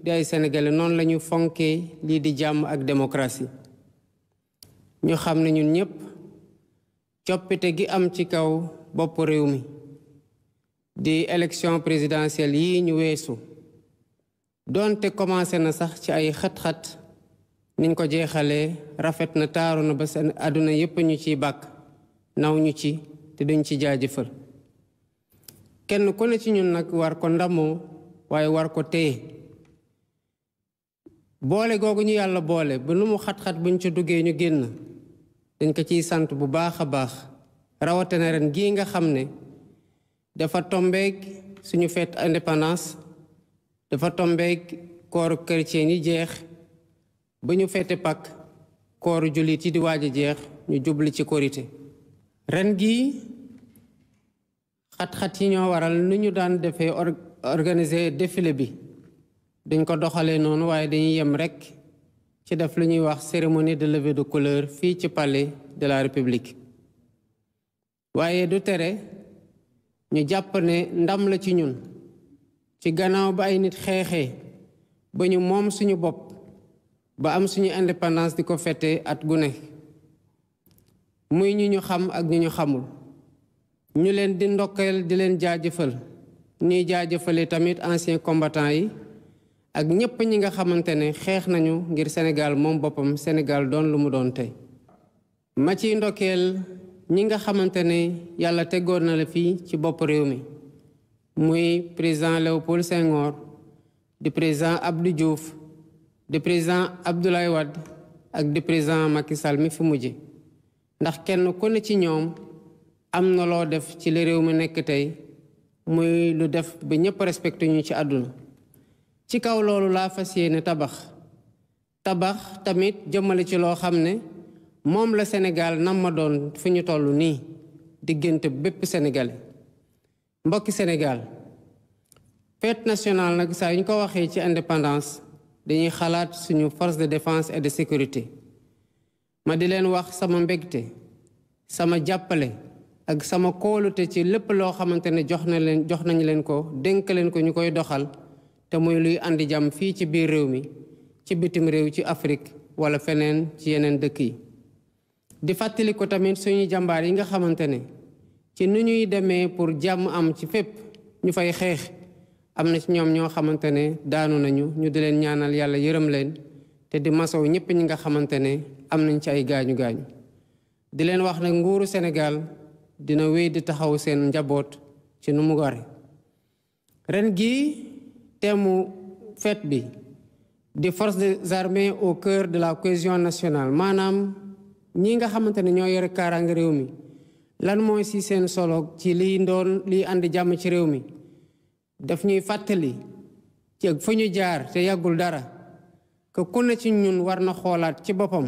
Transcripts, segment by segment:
di ay sénégalais noonu lañu ñu fonkee lii di jàmm ak démocratie ñu xam ne ñun ñëpp coppite gi am ci kaw bopp réew mi di élection présidentielle yi ñu weesu doonte commencé na sax ci ay xat-xat niñ ko jeexalee rafet na taaru na ba seen àdduna yépp ñu ciy bàkk naw ñu ci te duñ ci jaajëfal kenn ku ne ci ñun nag war ko ndamoo waaye war ko téye boole googu ñu yàlla boole ba lu mu xat-xat buñ ci duggee ñu génn dañ ko ciy sant bu baax a baax rawatina ren gii nga xam ne dafa tombeeg suñu fête indépendance dafa tombeeg kooru chrétien yi jeex ba ñu fête Pâques kooru jullit yi di waaj a jeex ñu jubli ci korité ren gii xat-xat yi ñoo waral nu ñu daan defee organiser défilé bi dañ ko doxalee noonu waaye dañuy yem rek ci def lu ñuy wax cérémonie de levée de couleur fii ci pale de la république waaye du tere ñu jàpp ne ndam la ci ñun ci gannaaw ba ay nit xeexee ba ñu moom suñu bopp ba am suñu indépendance di ko fete at gu muy ñu ñu xam ak ñu ñu xamul ñu leen di ndokkeel di leen jaajëfal ñuy jaajëfale tamit anciens combattants yi ak ñëpp ñi nga xamante ne xeex nañu ngir Sénégal moom boppam Sénégal doon lu mu doon tey ma ciy ñi nga xamante ne yàlla tegoon na la fii ci bopp réew mi muy président Léopold Senghor di président Abdou Diouf di président Abdoulaye Wade ak di président Macky Sall mi fi mujj ndax kenn ku ne ci ñoom am na loo def ci li réew mi nekk tey muy lu def ba ñëpp respecté ñu ci àdduna ci kaw loolu laa fas yéene tabax tabax tamit jëmale ci loo xam ne moom la Sénégal nam ma doon fi ñu toll nii diggante bépp sénégalais mbokki Sénégal fête nationale nag saa yu ñu ko waxee ci indépendance dañuy xalaat suñu force de défense et de sécurité ma di leen wax sama mbégte sama jàppale ak sama kóolute ci lépp loo xamante ne jox na leen jox nañu leen ko dénk leen ko ñu koy doxal te muy luy indi jàmm fii ci biir réew mi ci bitim réew ci Afrique wala feneen ci yeneen dëkk yi. di fàttali ko tamit suñu jàmbaar yi nga xamante ne ci nu ñuy demee pour jàmm am ci fépp ñu fay xeex am na ci ñoom ñoo xamante ne daanu nañu ñu di leen ñaanal yàlla yërëm leen te di masow ñépp ñi nga xamante ne am nañ ci ay gaañu gaañu. di leen wax nag nguuru Sénégal dina wéy di taxaw seen njaboot ci nu mu gore ren gi thème fête bi des forces des armées au cœur de la cohésion nationale maanaam ñi nga xamante ne ñoo yore kaaraange réew mi lan mooy si seen solo ci liy ndoon liy ànd jàmm ci réew mi daf ñuy fàttali ci ak ñu jaar te yàggul dara que ku ne ci ñun war na xoolaat ci boppam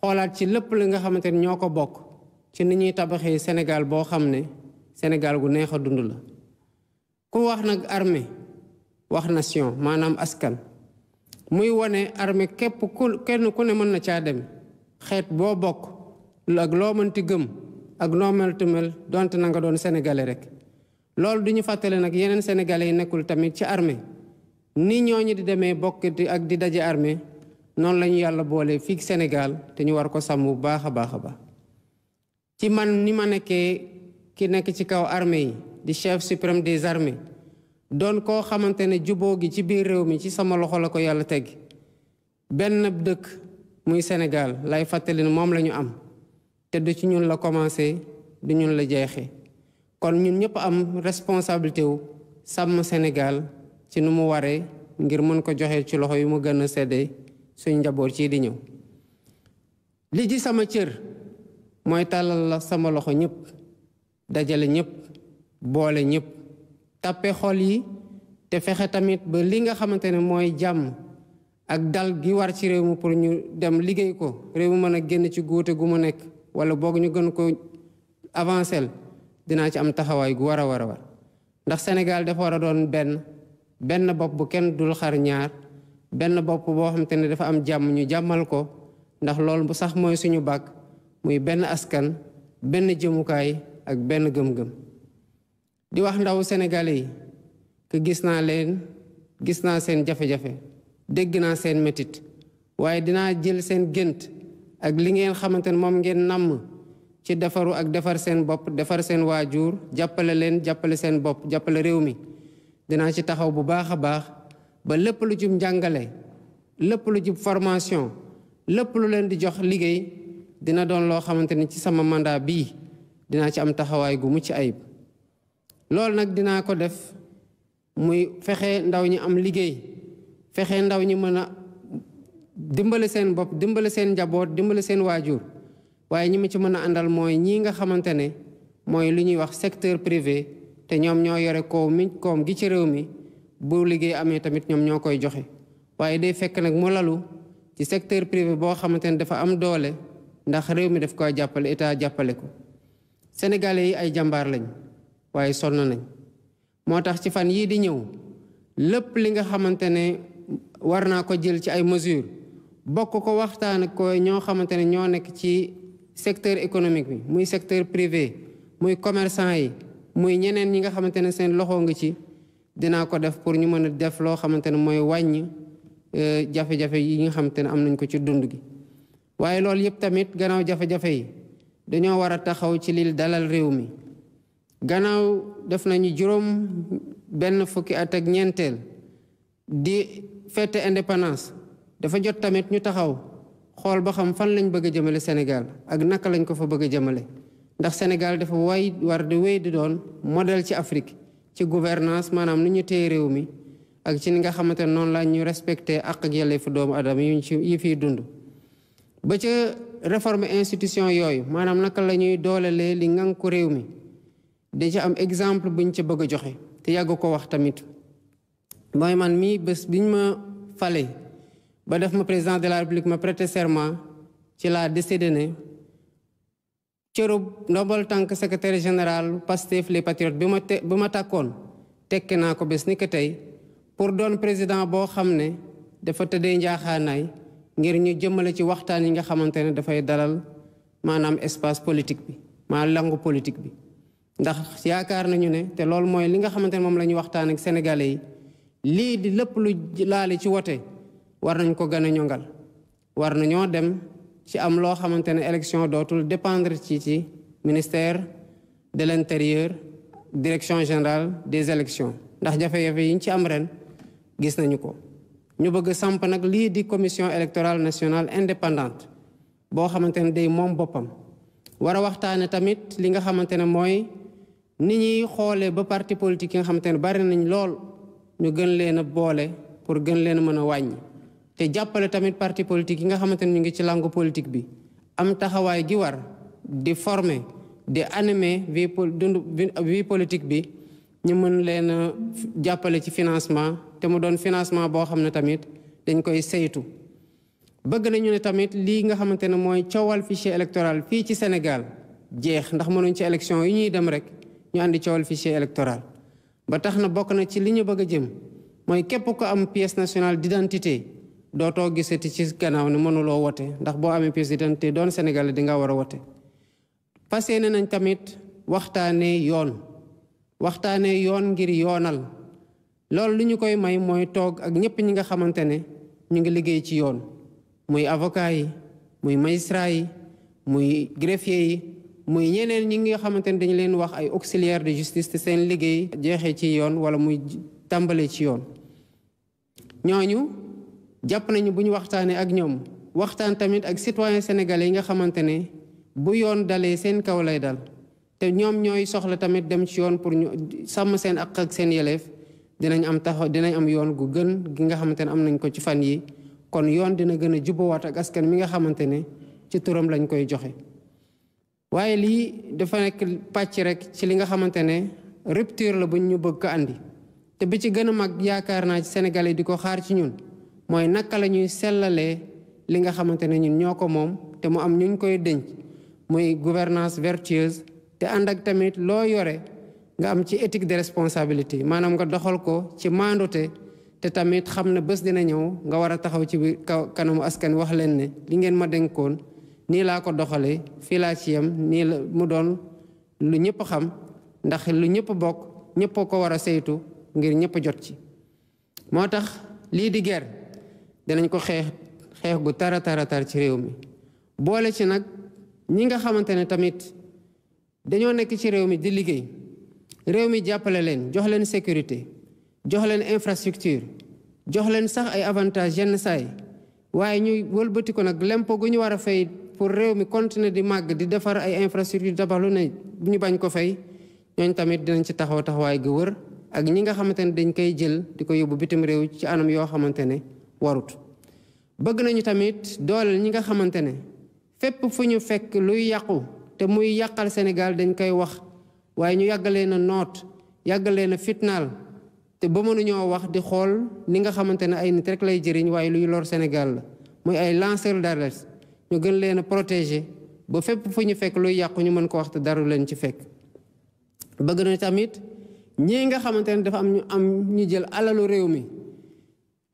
xoolaat ci lépp li nga xamante ne ñoo ko bokk ci ni ñuy tabaxee Sénégal boo xam ne Sénégal gu neex a dund la ku wax nag armée wax nation maanaam askan muy wane armée képp ku kenn ku ne mën na caa dem xeet boo bokk ak loo mënti gëm ak noo meltu mel donte na nga doon sénégalais rek loolu du ñu fàttale nag yeneen sénégalais yi nekkul tamit ci armée ni ñooñu di demee bokkati ak di daje armée noonu la ñu yàlla boolee fii Sénégal te ñu war ko sàmm bu baax a baax a baax ci man ni ma nekkee ki nekk ci kaw armée yi di chef suprême des armées doon koo xamante ne juboo gi ci biir réew mi ci sama loxo la ko yàlla teg benn dëkk muy Sénégal lay fàttali moom la ñu am te du ci ñun la commencé du ñun la jeexe kon ñun ñëpp am responsabilité wu sàmm Sénégal ci ni mu waree ngir mën ko joxe ci loxo yi mu gën a sedde suñ njaboot ci di ñëw li ji sama cër mooy tàllal la sama loxo ñëpp dajale ñëpp boole ñëpp tappe xol yi te fexe tamit ba li nga xamante ne mooy jàmm ak dal gi war ci réew mi pour ñu dem liggéey ko réew mi mën a génn ci góote gu mu nekk wala boog ñu gën ko avancel dinaa ci am taxawaay gu war a war a war ndax Sénégal dafa war a doon benn benn bopp bu kenn dul xar ñaar benn bopp boo xamante ne dafa am jàmm ñu jàmmal ko ndax loolu bu sax mooy suñu bàkk muy benn askan benn jëmukaay ak benn gëm-gëm di wax ndaw sénégalais yi que gis naa leen gis naa seen jafe-jafe dégg naa seen métit waaye dinaa jël seen gént ak li ngeen xamante ne moom ngeen namm ci defaru ak defar seen bopp defar seen waajur jàppale leen jàppale seen bopp jàppale réew mi dinaa ci taxaw bu baax a baax ba lépp lu jub njàngale lépp lu jub formation lépp lu leen di jox liggéey dina doon loo xamante ni ci sama mandat bii dinaa ci am taxawaay gu mucc ayib loolu nag dinaa ko def muy fexe ndaw ñi am liggéey fexe ndaw ñi mën a dimbale seen bopp dimbale seen njaboot dimbale seen waajur waaye ñi ma ci mën a àndal mooy ñii nga xamante ne mooy li ñuy wax secteur privé te ñoom ñoo yore koom mi koom gi ci réew mi bu liggéey amee tamit ñoom ñoo koy joxe waaye day fekk nag mu lalu ci secteur privé boo xamante ne dafa am doole ndax réew mi daf koy jàppale état jàppale ko sénégalais yi ay jàmbaar lañ waaye sonn nañ moo tax ci fan yii di ñëw lépp li nga xamante ne war naa ko jël ci ay mesures bokk ko waxtaan ko ñoo xamante ne ñoo nekk ci secteur économique bi muy secteur privé muy commerçant yi muy ñeneen ñi nga xamante ne seen loxo nga ci dinaa ko def pour ñu mën a def loo xamante ne mooy wàññi e, jafe-jafe yi nga xamante ne am nañ ko ci dund gi waaye loolu yëpp tamit gannaaw jafe-jafe yi dañoo war a taxaw ci lii dalal réew mi gannaaw def nañu juróom benn fukki at ak ñeenteel di fete indépendance dafa jot tamit ñu taxaw xool ba xam fan lañ bëgg a jëmale Sénégal ak naka lañ ko fa bëgg a jëmale ndax Sénégal dafa way war di wéy di doon modèle ci Afrique ci gouvernance maanaam nu ñu téye réew mi ak ci ni nga xamante ne noonu la ñu respecté ak ak yelleefu doomu aadama yu ci yi fiy dund ba ca réforme institution yooyu maanaam naka lañuy ñuy doolelee li ngànku réew mi da ci am exemple buñ ca bëgg a joxe te yàgg ko wax tamit mooy man mii bés bi ñu ma fale ba def ma président de la république ma prêter serment ci laa décidé ne cërub ndombal tànk secretaire général Pastef les patriotes bi ma te bi ma tàkkoon tekki naa ko bés ni ko tey pour doon président boo xam ne dafa tëddee njaaxaanaay ngir ñu jëmmale ci waxtaan yi nga xamante ne dafay dalal maanaam espace politique bi maa langu politique bi ndax yaakaar nañu ne te loolu mooy li nga xamante ne moom la ñuy waxtaan ak sénégalais yi lii di lépp lu laale ci wote war nañ ko gën a ñongal war nañoo dem ci am loo xamante ne élection dootul dépendre ci ci ministère de l'intérieur direction générale des élections ndax jafe-jafe yi ñu ci am ren gis nañu ko ñu bëgg samp nag lii di commission électorale nationale indépendante boo xamante ne day moom boppam war a waxtaane tamit li nga xamante ne mooy ni ñuy xoolee ba parti politique yi nga xamante ne bari nañ lool ñu gën leen a boole pour gën leen mën a wàññi te jàppale tamit parti politique yi nga xamante ne ñu ngi ci langue politique bi am taxawaay gi war di former di animer vie dund vie politique bi ñu mën leen a jàppale ci financement te mu doon financement boo xam ne tamit dañ koy saytu. bëgg nañu ne tamit lii nga xamante ne mooy coowal fichier électoral fii ci Sénégal jeex ndax mënuñ ci élection yi ñuy dem rek. ñu andi coowal fichier électoral ba tax na bokk na ci li ñu bëgg a jëm mooy képp ko am pièce nationale d'identité dootoo gisati ci gannaaw ne mënuloo wote ndax boo amee pièce d'identité doon Sénégal di nga war a wote fas ne nañ tamit waxtaanee yoon waxtaanee yoon ngir yoonal loolu li ñu koy may mooy toog ak ñëpp ñi nga xamante ne ñu ngi liggéey ci yoon muy avoca yi muy magistrat yi muy greffier yi muy ñeneen ñi nga xamante ne dañu leen wax ay auxiliaire de justice te seen liggéey jeexee ci yoon wala muy tàmbalee ci yoon ñooñu jàpp nañu bu ñu waxtaanee ak ñoom waxtaan tamit ak citoyen sénégalais yi nga xamante ne bu yoon dalee seen kaw lay dal te ñoom ñooy soxla tamit dem ci yoon pour ñu sàmm seen ak ak seen yeleef dinañ am taxaw dinañ am yoon gu gën gi nga xamante ne am nañ ko ci fan yi kon yoon dina gën a jubawaat ak askan mi nga xamante ne ci turam lañ koy joxe waaye lii dafa nekk pàcc rek ci li nga xamante ne rupture la buñ ñu bëgg ko andi te bi ci gën a mag yaakaar naa ci Sénégal di ko xaar ci ñun mooy naka la ñuy sellalee li nga xamante ne ñun ñoo ko moom te mu am ñu koy denc muy gouvernance vertueuse te ànd ak tamit loo yore nga am ci étique de responsabilité maanaam nga doxal ko ci maandute te tamit xam ne bés dina ñëw nga war a taxaw ci biir kanamu askan wax leen ne li ngeen ma denkoon nii laa ko doxalee fii laa ci yem nii la mu doon lu ñëpp xam ndax lu ñëpp bokk ñëpp ko war a saytu ngir ñëpp jot ci. moo tax lii di ger dinañ ko xeex xeex gu tara tara tar ci réew mi boole ci nag ñi nga xamante ne tamit dañoo nekk ci réew mi di liggéey réew mi jàppale leen jox leen sécurité jox leen infrastructure jox leen sax ay avantages yenn saay waaye ñuy wëlbati ko nag lempo gu ñu war pour réew mi continuer di màgg di defar ay infrastructure tabax lu ne ñu bañ ko fay ñooñ tamit dinañ ci taxaw taxawaay gi ak ñi nga xamante ne dañ koy jël di ko yóbbu bitim réew ci anam yoo xamante ne warut bëgg nañu tamit dooleel ñi nga xamante ne fépp fu ñu fekk luy yàqu te muy yàqal Sénégal dañ koy wax waaye ñu yàggalee na noot yàggalee na fitnaal te ba mënuñoo wax di xool ni nga xamante ne ay nit rek lay jëriñ waaye luy lor Sénégal la muy ay lanceur ñu gën leen a protéger ba fépp fu ñu fekk luy yàqu ñu mën ko wax te daru leen ci fekk bëgg na tamit ñii nga xamante ne dafa am ñu am ñu jël alalu réew mi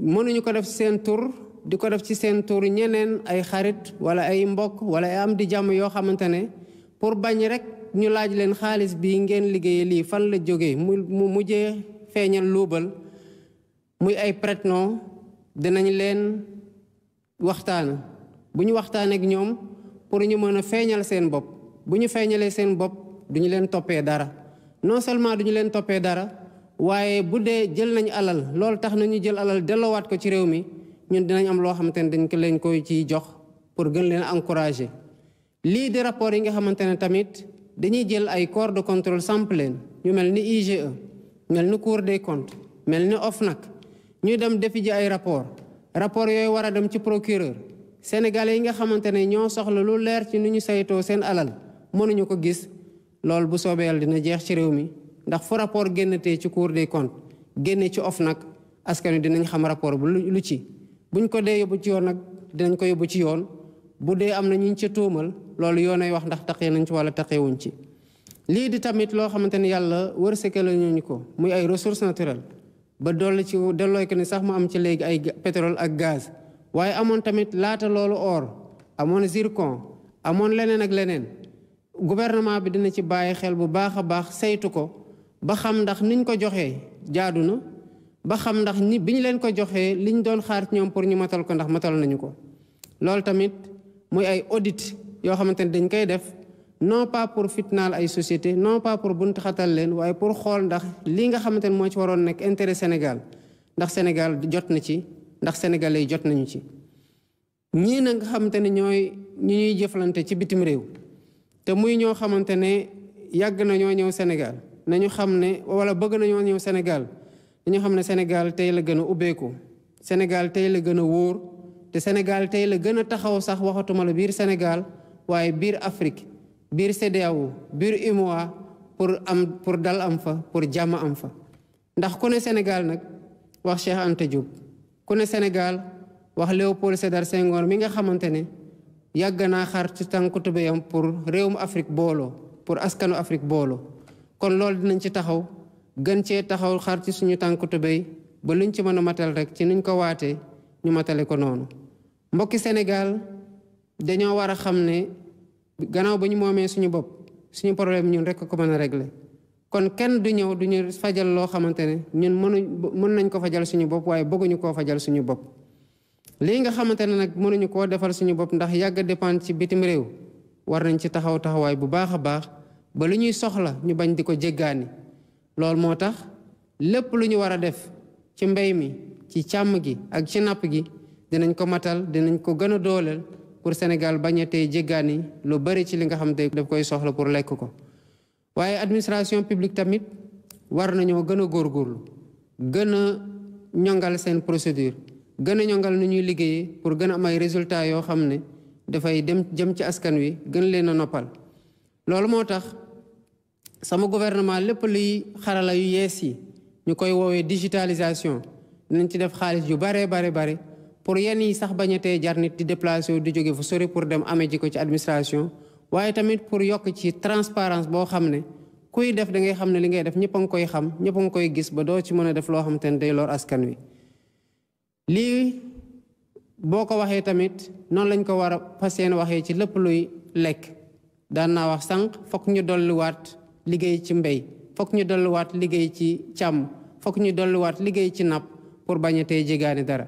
mënuñu ko def seen tur di ko def ci seen tur ñeneen ay xarit wala ay mbokk wala ay am di jàmm yoo xamante ne pour bañ rek ñu laaj leen xaalis bi ngeen liggéeye lii fan la jógee mu mu mujjee feeñal luubal muy ay prête dinañ leen waxtaan bu ñu waxtaanee ak ñoom pour ñu mën a feeñal seen bopp bu ñu feeñalee seen bopp du ñu leen toppee dara non seulement du ñu leen toppee dara waaye bu dee jël nañu alal loolu tax na ñu jël alal delloowaat ko ci réew mi ñun dinañ am loo xamante ne dañ ko koy ciy jox pour gën leen encourager. lii di rapport yi nga xamante ne tamit dañuy jël ay corps de contrôle samp leen ñu mel ni IGE mel ni Cour des comptes mel ni nag ñuy dem defi ay rapport rapport yooyu war a dem ci procureur. sénégalais yi nga xamante ne ñoo soxla lu leer ci nu ñu saytoo seen alal mënuñu ko gis loolu bu soobee yàlla dina jeex ci réew mi ndax fu rapport génnatee ci cour de comptes génne ci nag askan wi dinañ xam rapport bu lu ci buñ ko dee yóbbu ci yoon nag dinañ ko yóbbu ci yoon bu dee am na ñu ca tuumal loolu yoonay wax ndax taqee nañ ci wala taqeewuñ ci. lii di tamit loo xamante ni yàlla wërsëgal ñu ko muy ay ressources naturelles ba dolli ci delloo ko ni sax mu am ci léegi ay pétrole ak gaz. waaye amoon tamit laata loolu or amoon zircon amoon leneen ak leneen gouvernement bi dina ci bàyyi xel bu baax a baax saytu ko ba xam ndax niñ ko joxee jaadu na ba xam ndax ni bi ñu leen ko joxee liñ doon xaar ñoom pour ñu matal ko ndax matal nañu ko loolu tamit muy ay audit yoo xamante ne dañ koy def non pas pour fitnaal ay société non pas pour bunt xatal leen waaye pour xool ndax lii nga xamante ne mooy ci waroon nekk intérêt Sénégal ndax Sénégal jot na ci ndax sénégalais yi jot nañu ci ñii na nga xamante ne ñooy ñu ñuy jëflante ci bitim réew te muy ñoo xamante ne yàgg na ñoo ñëw senegal nañu xam ne wala bëgg nañoo ñëw senegal nañu xam ne senegal tey la gën a ubbeeku senegal tey la gën a wóor te senegal tey la gën a taxaw sax waxatuma la biir senegal waaye biir Afrique biir CEDEAO biir UMOA pour am pour dal am fa pour jàmm am fa ndax ku ne senegal nag wax Cheikh Anta Diop ku ne Sénégal wax Léopold Sédar Senghor mi nga xamante ne yàgg naa xar ci tànku tubéyam pour réewum Afrique booloo pour askanu Afrique booloo kon loolu dinañ ci taxaw gën cee taxaw xar ci suñu tànku tubéy ba luñ ci mën a matal rek ci nuñ ko waatee ñu matale ko noonu mbokki Sénégal dañoo war a xam ne gannaaw ba ñu moomee suñu bopp suñu problème ñun rek ko mën a régler kon kenn du ñëw du ñu fajal loo xamante ne ñun mënuñ mën nañ ko fajal suñu bopp waaye bëgguñu koo fajal suñu bopp lii nga xamante ne nag mënuñu koo defal suñu bopp ndax yàgg a dépendre ci bitim réew war nañ ci taxaw taxawaay bu baax a baax ba lu ñuy soxla ñu bañ di ko jéggaani loolu moo tax lépp lu ñu war a def ci mbéy mi ci càmm gi ak ci napp gi dinañ ko matal dinañ ko gën a dooleel pour Sénégal bañ a tey jéggaani lu bari ci li nga xam te daf koy soxla pour lekk ko waaye administration publique tamit war nañoo gën a góorlu gën a ñongal seen procédure gën a ñongal nu ñuy liggéeyee pour gën a am ay yoo xam ne dafay dem jëm ci askan wi gën leen a noppal loolu moo tax sama gouvernement lépp luy xarala yu yees yi ñu koy woowee digitalisation dinañ ci def xaalis yu bare bare bare pour yenn yi sax bañ tee jar nit di déplacé wu di jóge fu sori pour dem amee ji ko ci administration waaye tamit pour yokk ci transparence boo xam ne kuy def da ngay xam ne li ngay def ñëpp nga koy xam ñëpp nga koy gis ba doo ci mën a def loo xam te ne day lor askan wi lii boo ko waxee tamit noonu lañ ko war a fas yéene waxee ci lépp luy lekk daan naa wax sànq fokk ñu dolliwaat liggéey ci mbéy fokk ñu dolliwaat liggéey ci càmm fokk ñu dolliwaat liggéey ci napp pour bañ tey jegaani dara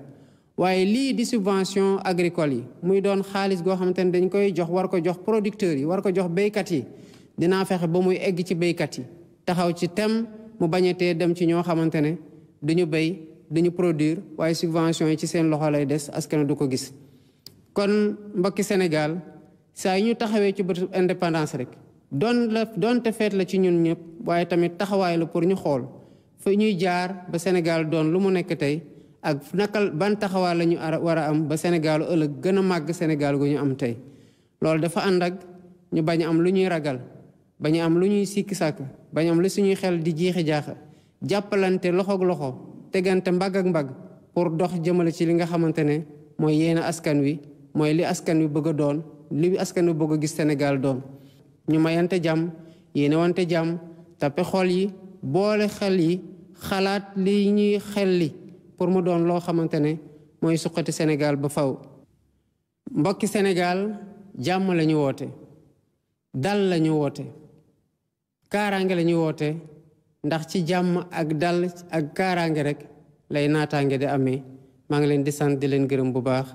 waaye lii di subvention agricole yi muy doon xaalis goo xamante ne dañu koy jox war ko jox producteurs yi war ko jox béykat yi dinaa fexe ba muy egg ci béykat yi taxaw ci tem mu bañetee dem ci ñoo xamante ne duñu béy duñu produir waaye subvention yi ci seen loxo lay des askan du ko gis kon mbokki Sénégal saa yi ñu taxawee ci bëtu indépendance rek doon la doonte feet la ci ñun ñëpp waaye tamit taxawaay la pour ñu xool fa ñuy jaar ba Sénégal doon lu mu nekk tey ak nakal ban taxawaa la ñu war a am ba Sénégalu ëllëg gën a màgg Sénégal gu ñu am tey loolu dafa ànd ak ñu bañ am lu ñuy ragal bañ am lu ñuy sikki sàkk bañ am lu suñuy xel di jiixi jaaxa jàppalante loxoog loxo tegante mbagg ak mbagg pour dox jëmale ci li nga xamante ne mooy yéen askan wi mooy li askan wi bëgg doon li askan wi bëgg a gis Sénégal doon ñu mayante jàmm yéene wante jàmm tappe xool yi boole xel yi xalaat li ñuy xel li pour mu doon loo xamante ne mooy suqati Sénégal ba faw mbokki Sénégal jàmm la ñu woote dal la ñu woote kaaraange la ñu woote ndax ci jàmm ak dal ak kaaraange rek lay naataange di amee maa ngi leen di sant di leen gërëm bu baax